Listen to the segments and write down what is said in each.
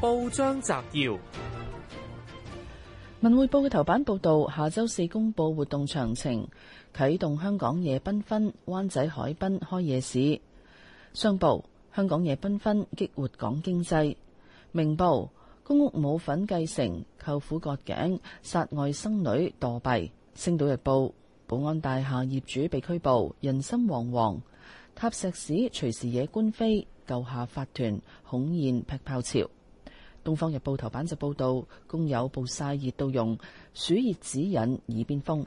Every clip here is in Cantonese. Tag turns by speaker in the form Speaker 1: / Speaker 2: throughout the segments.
Speaker 1: 報章摘要：文匯報嘅頭版報道，下周四公布活動詳情，啟動香港夜繽紛，灣仔海濱開夜市。商報香港夜繽紛激活港經濟。明報公屋冇份繼承，舅父割頸殺外甥女，躲避。星島日報保安大廈業主被拘捕，人心惶惶。塔石市隨時惹官非，救下法團恐現劈炮潮、潮。《東方日報》頭版就報道，工友暴曬熱到溶，暑熱指引耳
Speaker 2: 邊風。《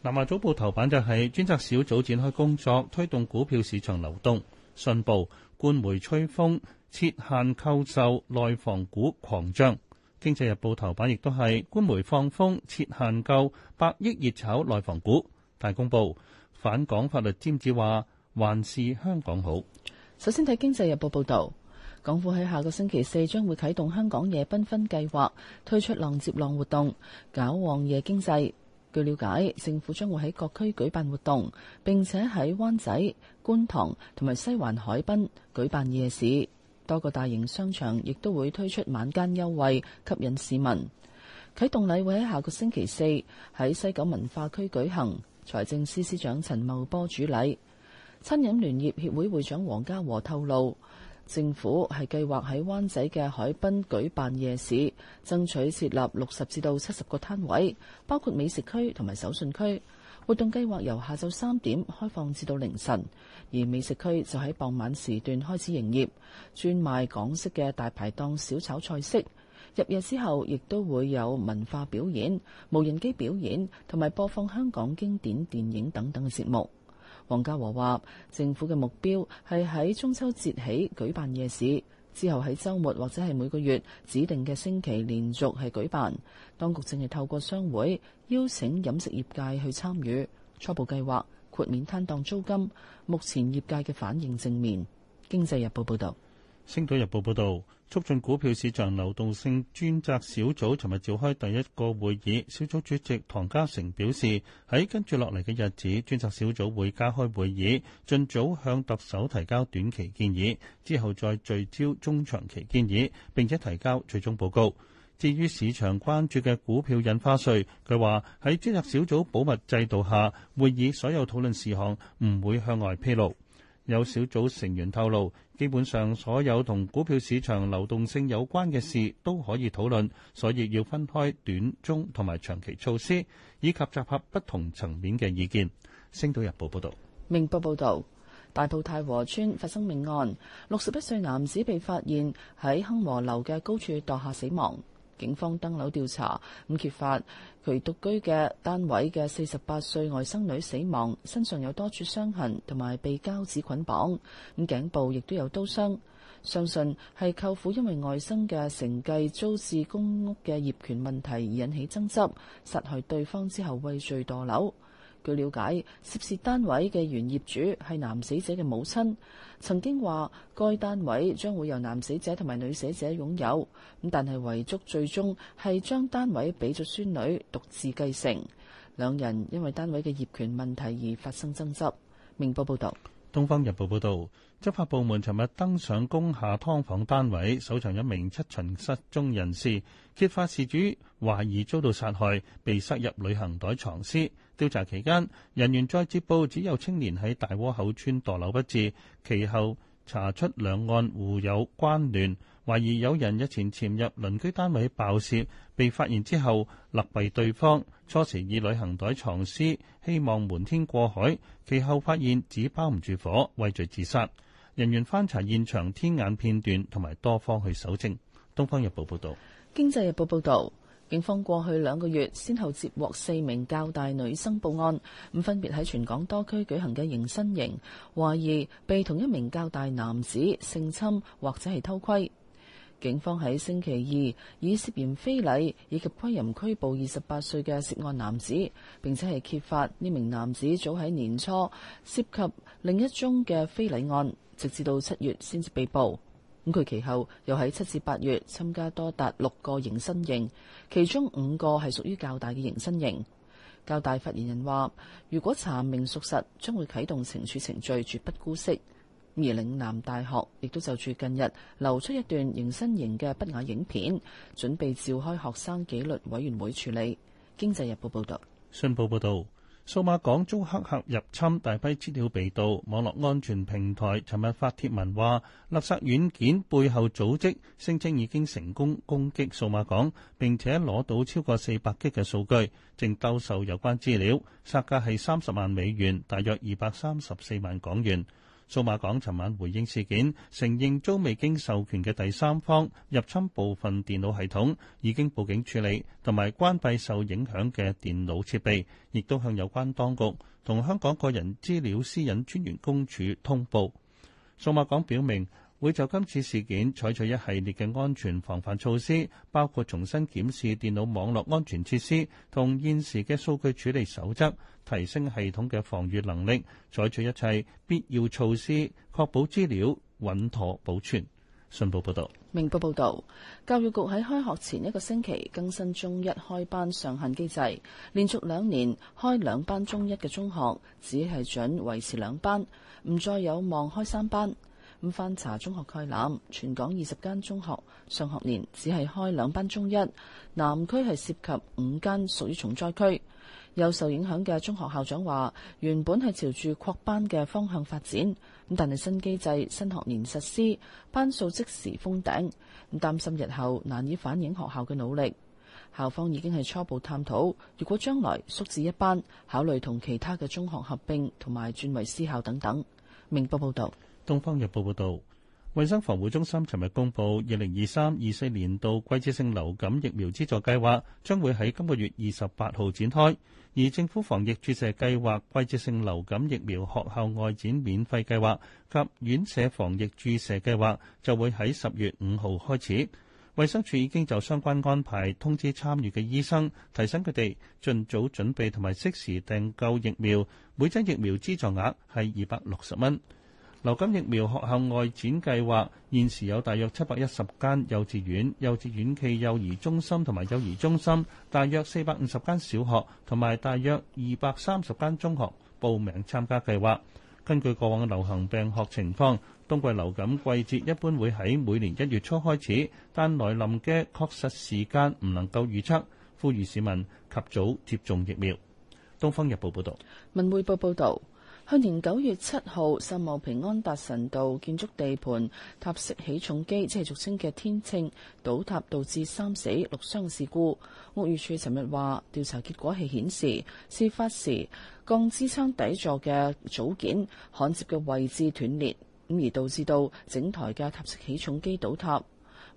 Speaker 2: 南華早報》頭版就係專責小組展開工作，推動股票市場流動。信報官媒吹風，切限購售內房股狂漲。《經濟日報》頭版亦都係官媒放風，切限購百億熱炒內房股大公報。反港法律尖子話：還是香港好。
Speaker 1: 首先睇《經濟日報，報道》報導。港府喺下個星期四將會啟動香港夜繽紛計劃，推出浪接浪活動，搞旺夜經濟。據了解，政府將會喺各區舉辦活動，並且喺灣仔、觀塘同埋西環海濱舉辦夜市。多個大型商場亦都會推出晚間優惠，吸引市民。啟動禮會喺下個星期四喺西九文化區舉行，財政司司長陳茂波主禮。餐飲聯業協會會長黃家和透露。政府係計劃喺灣仔嘅海濱舉辦夜市，爭取設立六十至到七十個攤位，包括美食區同埋手信區。活動計劃由下晝三點開放至到凌晨，而美食區就喺傍晚時段開始營業，專賣港式嘅大排檔小炒菜式。入夜之後，亦都會有文化表演、無人機表演同埋播放香港經典電影等等嘅節目。黃家和話：政府嘅目標係喺中秋節起舉辦夜市，之後喺周末或者係每個月指定嘅星期連續係舉辦。當局正係透過商會邀請飲食業界去參與。初步計劃豁免攤檔租金，目前業界嘅反應正面。經濟日報報道。
Speaker 2: 《星島日報》報道，促進股票市場流動性專責小組尋日召開第一個會議，小組主席唐家成表示，喺跟住落嚟嘅日子，專責小組會加開會議，盡早向特首提交短期建議，之後再聚焦中長期建議，並且提交最終報告。至於市場關注嘅股票印花稅，佢話，喺專責小組保密制度下，會議所有討論事項唔會向外披露。有小組成員透露，基本上所有同股票市場流動性有關嘅事都可以討論，所以要分開短、中同埋長期措施，以及集合不同層面嘅意見。星島日報報道。
Speaker 1: 明報報道，大埔太和村發生命案，六十一歲男子被發現喺亨和樓嘅高處墮下死亡。警方登樓調查，咁揭發佢獨居嘅單位嘅四十八歲外甥女死亡，身上有多處傷痕，同埋被膠紙捆綁，咁頸部亦都有刀傷。相信係舅父因為外甥嘅承繼租置公屋嘅業權問題而引起爭執，殺害對方之後畏罪墮樓。據了解，涉事單位嘅原業主係男死者嘅母親，曾經話該單位將會由男死者同埋女死者擁有。咁但係遺囑最終係將單位俾咗孫女獨自繼承。兩人因為單位嘅業權問題而發生爭執。明報報道。
Speaker 2: 東方日報報道，執法部門尋日登上工廈劏房單位，搜尋一名七旬失蹤人士，揭發事主懷疑遭到殺害，被塞入旅行袋藏屍。調查期間，人員再接報，指有青年喺大窩口村墮樓不治。其後查出兩岸互有關聯，懷疑有人日前潛入鄰居單位爆竊，被發現之後勒斃對方。初時以旅行袋藏屍，希望瞞天過海，其後發現紙包唔住火，畏罪自殺。人員翻查現場天眼片段同埋多方去搜證。東方日報報道，
Speaker 1: 經濟日報報道。警方過去兩個月，先後接獲四名教大女生報案，咁分別喺全港多區舉行嘅迎新營，懷疑被同一名教大男子性侵或者係偷窺。警方喺星期二以涉嫌非禮以及窺淫拘捕二十八歲嘅涉案男子，並且係揭發呢名男子早喺年初涉及另一宗嘅非禮案，直至到七月先至被捕。咁佢其後又喺七至八月參加多達六個迎新營，其中五個係屬於較大嘅迎新營。較大發言人話，如果查明屬實，將會啟動懲處程序，絕不姑息。而嶺南大學亦都就住近日流出一段迎新營嘅不雅影片，準備召開學生紀律委員會處理。經濟日報報道。
Speaker 2: 信報報導。數碼港遭黑客入侵，大批資料被盜。網絡安全平台尋日發帖文話，垃圾軟件背後組織聲稱已經成功攻擊數碼港，並且攞到超過四百 G 嘅數據，正兜售有關資料，殺價係三十萬美元，大約二百三十四萬港元。數碼港尋晚回應事件，承認遭未經授權嘅第三方入侵部分電腦系統，已經報警處理，同埋關閉受影響嘅電腦設備，亦都向有關當局同香港個人資料私隱專員公署通報。數碼港表明會就今次事件採取一系列嘅安全防範措施，包括重新檢視電腦網絡安全設施同現時嘅數據處理守則，提升系統嘅防禦能力，採取一切必要措施，確保資料穩妥保存。信報報道，
Speaker 1: 明報報道：「教育局喺開學前一個星期更新中一開班上限機制，連續兩年開兩班中一嘅中學只係準維持兩班，唔再有望開三班。咁翻查中學概覽，全港二十間中學上學年只係開兩班中一，南區係涉及五間屬於重災區，有受影響嘅中學校長話原本係朝住擴班嘅方向發展，咁但係新機制新學年實施班數即時封頂，咁擔心日後難以反映學校嘅努力。校方已經係初步探討，如果將來縮至一班，考慮同其他嘅中學合併同埋轉為私校等等。明報報道。
Speaker 2: 《東方日報》報道，衛生防護中心尋日公布，二零二三二四年度季節性流感疫苗資助計劃將會喺今個月二十八號展開，而政府防疫注射計劃季節性流感疫苗學校外展免費計劃及院舍防疫注射計劃就會喺十月五號開始。衛生署已經就相關安排通知參與嘅醫生，提醒佢哋盡早準備同埋適時訂購疫苗。每針疫苗資助額係二百六十蚊。流感疫苗學校外展計劃現時有大約七百一十間幼稚園、幼稚園暨幼兒中心同埋幼兒中心，大約四百五十間小學同埋大約二百三十間中學報名參加計劃。根據過往嘅流行病學情況，冬季流感季節一般會喺每年一月初開始，但來臨嘅確實時間唔能夠預測。呼籲市民及早接種疫苗。《東方日報》報道。
Speaker 1: 《文匯報》報導。去年九月七號，世茂平安達臣道建築地盤塔式起重機，即係俗稱嘅天秤，倒塌導致三死六傷事故。屋宇署尋日話，調查結果係顯示，事發時鋼支撐底座嘅組件焊接嘅位置斷裂，咁而導致到整台嘅塔式起重機倒塌。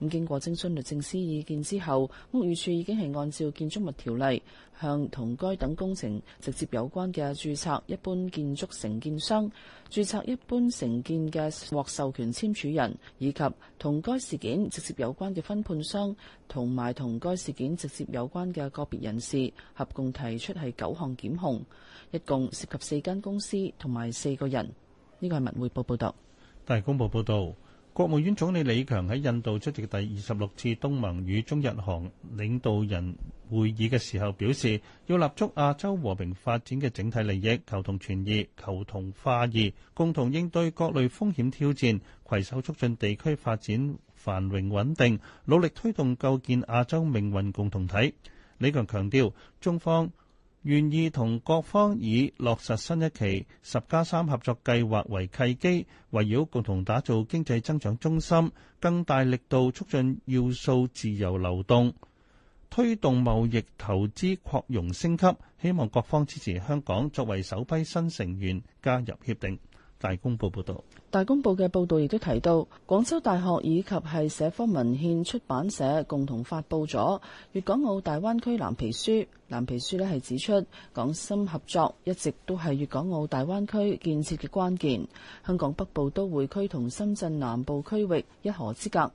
Speaker 1: 咁經過徵詢律政司意見之後，屋宇署已經係按照建築物條例，向同該等工程直接有關嘅註冊一般建築承建商、註冊一般承建嘅獲授權簽署人，以及同該事件直接有關嘅分判商，同埋同該事件直接有關嘅個別人士，合共提出係九項檢控，一共涉及四間公司同埋四個人。呢個係文匯報報道。
Speaker 2: 大公報報道。國務院總理李強喺印度出席第二十六次東盟與中日韓領導人會議嘅時候表示，要立足亞洲和平發展嘅整體利益，求同存異，求同化異，共同應對各類風險挑戰，攜手促進地區發展繁榮穩定，努力推動構建亞洲命運共同體。李強強調，中方，願意同各方以落實新一期十加三合作計劃為契機，圍繞共同打造經濟增長中心，更大力度促進要素自由流動，推動貿易投資擴容升級，希望各方支持香港作為首批新成員加入協定。大公報報導，
Speaker 1: 大公報嘅報導亦都提到，廣州大學以及係社科文獻出版社共同發布咗《粵港澳大灣區藍皮書》。藍皮書呢係指出，港深合作一直都係粵港澳大灣區建設嘅關鍵。香港北部都會區同深圳南部區域一河之隔。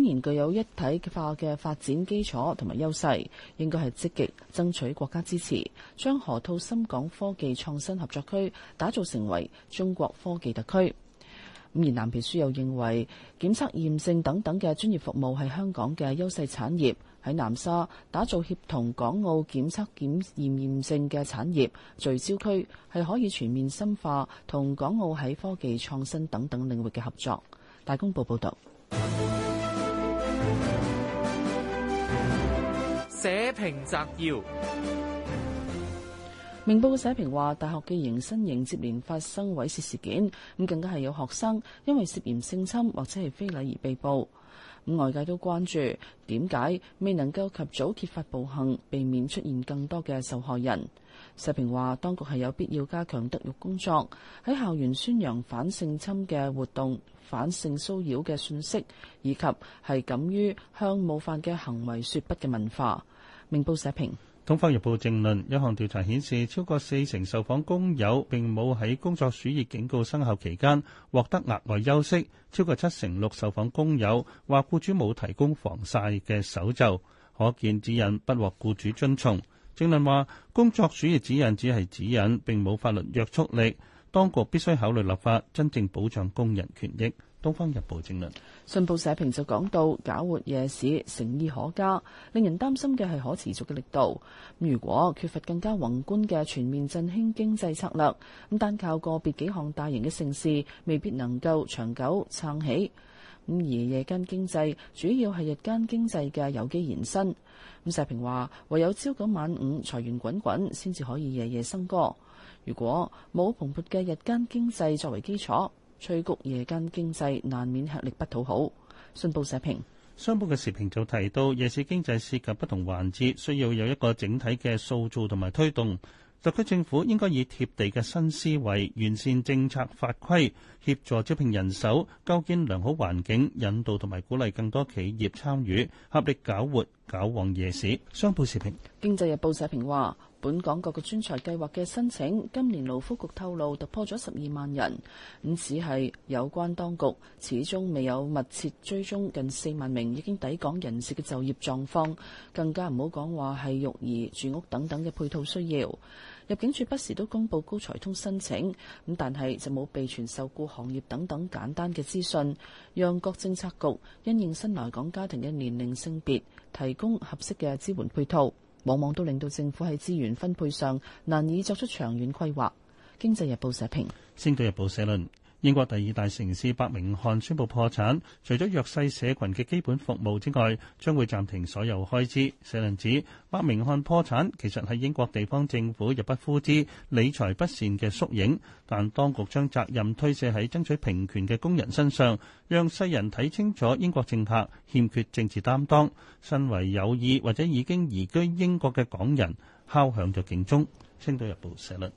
Speaker 1: 天然具有一體化嘅發展基礎同埋優勢，應該係積極爭取國家支持，將河套深港科技創新合作區打造成為中國科技特區。咁而南皮書又認為，檢測驗證等等嘅專業服務係香港嘅優勢產業，喺南沙打造協同港澳檢測檢驗驗證嘅產業聚焦區，係可以全面深化同港澳喺科技創新等等領域嘅合作。大公報報道。社評摘要，明報嘅社評話：大學嘅迎新營接連發生猥褻事，事件，咁更加係有學生因為涉嫌性侵或者係非禮而被捕。外界都關注點解未能夠及早揭發暴行，避免出現更多嘅受害人。社評話，當局係有必要加強德育工作，喺校園宣揚反性侵嘅活動、反性騷擾嘅訊息，以及係敢於向冒犯嘅行
Speaker 2: 為說不嘅文化。明報社評：《東方日報》正論有項調查顯示，超過四成受訪工友並冇喺工作暑熱警告生效期間獲得額外休息；超過七成六受訪工友話雇主冇提供防晒嘅手袖，可見指引不獲雇主遵從。正論話，工作暑熱指引只係指引，並冇法律約束力。當局必須考慮立法，真正保障工人權益。《東方日報》政論，
Speaker 1: 信報社評就講到，搞活夜市誠意可嘉，令人擔心嘅係可持續嘅力度。如果缺乏更加宏觀嘅全面振興經濟策略，咁單靠個別幾項大型嘅盛事，未必能夠長久撐起。咁而夜間經濟主要係日間經濟嘅有機延伸。咁社評話，唯有朝九晚五財源滾滾，先至可以夜夜笙歌。如果冇蓬勃嘅日間經濟作為基礎，催谷夜間經濟，難免吃力不討好。信報社評，
Speaker 2: 商報嘅時評就提到，夜市經濟涉及不同環節，需要有一個整體嘅塑造同埋推動。特區政府應該以貼地嘅新思維，完善政策法規，協助招聘人手，構建良好環境，引導同埋鼓勵更多企業參與，合力搞活、搞旺夜市。商報時評，
Speaker 1: 《經濟日報》社評話。本港各個專才計劃嘅申請，今年勞福局透露突破咗十二萬人。咁只係有關當局始終未有密切追蹤近四萬名已經抵港人士嘅就業狀況，更加唔好講話係育兒、住屋等等嘅配套需要。入境處不時都公布高才通申請，咁但係就冇備存受雇行業等等簡單嘅資訊，讓各政策局因應新來港家庭嘅年齡、性別，提供合適嘅支援配套。往往都令到政府喺資源分配上難以作出長遠規劃。經濟日報社評，
Speaker 2: 星島日報社論。英國第二大城市伯明翰宣布破產，除咗弱勢社群嘅基本服務之外，將會暫停所有開支。社論指伯明翰破產其實係英國地方政府入不敷支、理財不善嘅縮影，但當局將責任推卸喺爭取平權嘅工人身上，讓世人睇清楚英國政客欠缺政治擔當。身為有意或者已經移居英國嘅港人，敲響咗警鐘。星島日報社論。